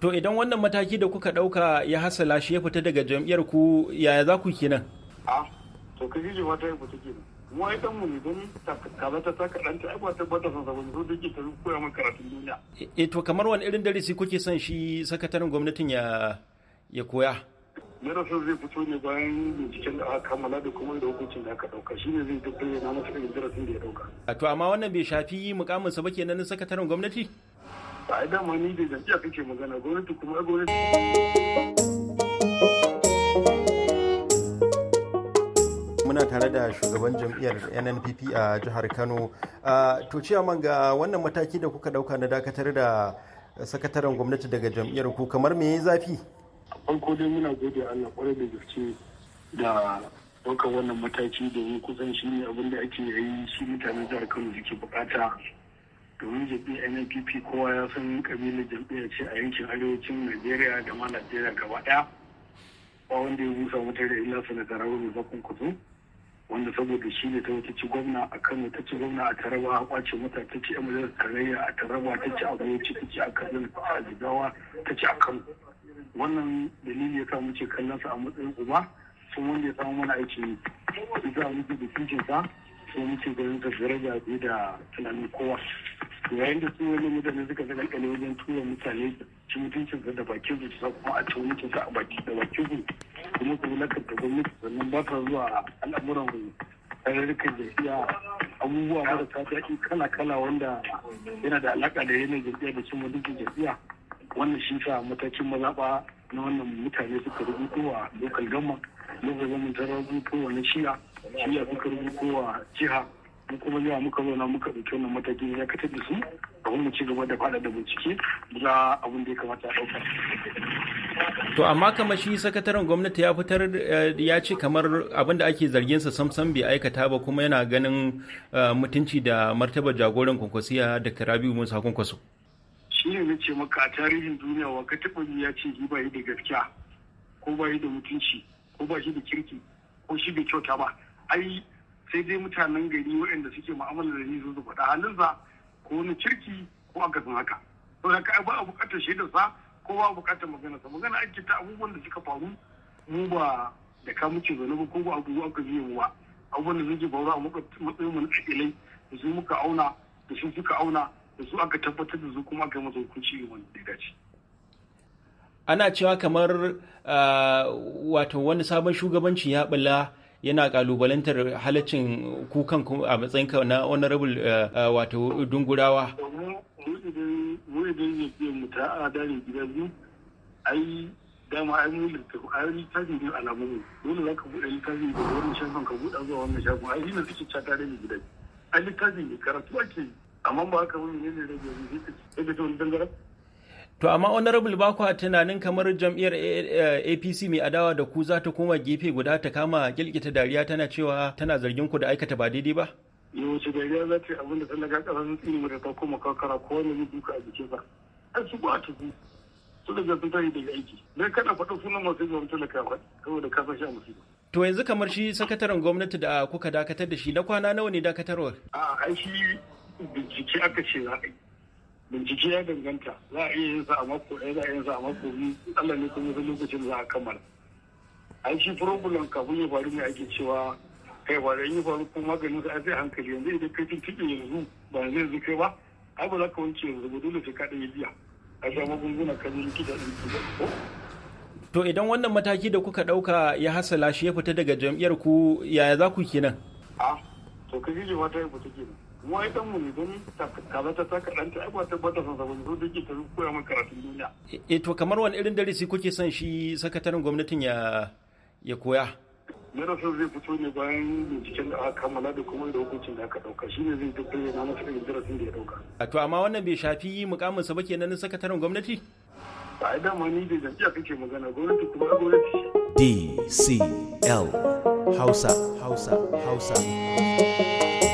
to idan wannan mataki da kuka ɗauka ya hasala shi ya fita daga jam'iyyar ku yaya za ku kenan a to ka ji ta yi fita kenan mu ai dan mu ne don kaza ta saka ɗan ta ai ba tabbata san sabon zo dake ta koya min karatun duniya e, e, to kamar wani irin darasi kuke son shi sakataren gwamnatin ya ya koya mera sun zai fito ne bayan binciken da aka kammala da kuma da hukuncin da aka ɗauka, shi ne zai na masa irin darasin da ya ɗauka. A to amma wannan bai shafi mukamin sa ba kenan sakataren gwamnati a dama ni da kake magana gwamnati kuma gwamnati muna tare da shugaban jam'iyyar nnpp a jihar kano to ciyaman ga wannan mataki da kuka dauka na dakatar da sakataren gwamnati daga jam'iyyar ku kamar me ya zafi farko dai muna gode allah kwarai da gaske da ɗaukar wannan mataki domin kusan shi ne abin da ake yi shi mutanen jihar kano suke bukata domin jam'iyyar NPP kowa ya san kabilar jam'iyyar ce a yankin arewacin Najeriya da ma Najeriya gaba daya Ba wanda ya busa wata da illa sanata mai bakon Kudu wanda saboda shi ne ta wata ci gwamna a Kano ta ci gwamna a Taraba a kwace mata ta ci da Tarayya a Taraba ta ci Abuja ta ci a kano ta ci a Jigawa ta ci a Kano. Wannan dalili ya sa ce kallon sa a matsayin uba sun wanda ya samu mana aiki ne. Sun za mu ji bikin sa sun muke ganin sa da tunanin kowa. yayin da su wani mutane suka zaga kane wajen tura mutane ci mutuncin da bakin su ta kuma a ci mutuncin a baki da bakin su kuma su da gwamnati sannan ba ta zuwa al'amuran da jam'iyya abubuwa marasa daɗi kala-kala wanda yana da alaƙa da yanayin jam'iyya da cin mutuncin jam'iyya wannan shi sa matakin mazaɓa na wannan mutane suka rubuto wa lokal gama lokal gama ta rubuto wa na shiya shiya suka rubuto wa jiha mu kuma yawa muka zauna muka ɗauki wannan matakin ya katar da su kafin mu ci gaba da faɗa da bincike za abin da ya kamata a ɗauka. To amma kamar shi sakataren gwamnati ya fitar eh, ya ce kamar abin da ake zargin sa samsam bai aikata ba kuma yana ganin eh, mutunci da martaba jagoran kwankwasiya da Rabiu Musa Kwankwaso. Shi ne ce maka a tarihin duniya wa ka ya ce ba yi da gaskiya ko ba yi da mutunci ko ba shi da kirki ko shi bai kyauta ba ai sai dai mutanen gari waɗanda suke mu'amala da ni su su faɗa halinsa ko wani kirki ko a san haka to haka ba a buƙatar shaidarsa ko ba a buƙatar maganarsa magana ake ta abubuwan da suka faru mu ba da ka muke zaune ba ko ba abu aka biye mu ba abubuwan da suke faru a matsayin mu na ƙaƙilai da su muka auna da su suka auna da su aka tabbatar da su kuma aka yi masa hukunci wanda ya dace. ana cewa kamar ah, wato wani sabon shugabancin ya bula yana kalubalantar halaccin kukan a matsayinka na honorable eh, eh, wato dungurawa dama ai mu littafi ai littafi ne alamu ne dole za ka buɗe littafi da wani shafin ka buɗe zuwa wannan shafin ai ina suke cata da gida ai littafi ne karatu ake yi amma ba haka wani ne ne da yanzu sai ta ce wani dangaren To amma honorable ba kwa tunanin kamar jam'iyyar APC mai adawa da ku za ta koma gefe guda ta kama gilgita dariya tana cewa tana zargin ku da aikata ba daidai ba? Yawanci dariya za ta yi abin da ta daga ƙasar tsini da ta koma kakara ko wani zai duka a ba. An su ba tafi su zafi ta yi daga aiki. ka kana faɗa sunan masu yi mutane talaka ba da ka sashi a musu. To yanzu kamar shi sakataren gwamnati da kuka dakatar da shi na kwana nawa ne dakatarwar? A'a ai shi bincike aka ce za a yi. bincike ya danganta za a iya yin sa a mako ɗaya za a yin sa a mako biyu Allah ne kuma sai lokacin za a kammala a shi problem kafin ya faru ne ake cewa kai ba da yi faru ko maganin sa sai hankali yanzu idan kai tun tuɗe yanzu ba yanzu yanzu kai ba ai ba za ka wanke yanzu ba dole sai ka ɗaya biya a sha magunguna ka yi likita ɗin ko to idan wannan mataki da kuka ɗauka ya hasala shi ya fita daga jam'iyyar ku yaya za ku kenan a ah, to ka ji wata ya fita kenan mu ai san don kaza ta dan ta aiwa tabbata san sabon zo ta koya maka karatun duniya eh to kamar wani irin darasi kuke son shi sakataren gwamnatin ya ya koya darasin zai fito ne bayan binciken da aka kammala da kuma da hukuncin da aka dauka shine zai tattauna na masa irin darasin da ya dauka to amma wannan bai shafi mukamin sa ba nan sakataren gwamnati ai dama ni da jam'iyya kake magana gwamnati kuma gwamnati DCL Hausa Hausa Hausa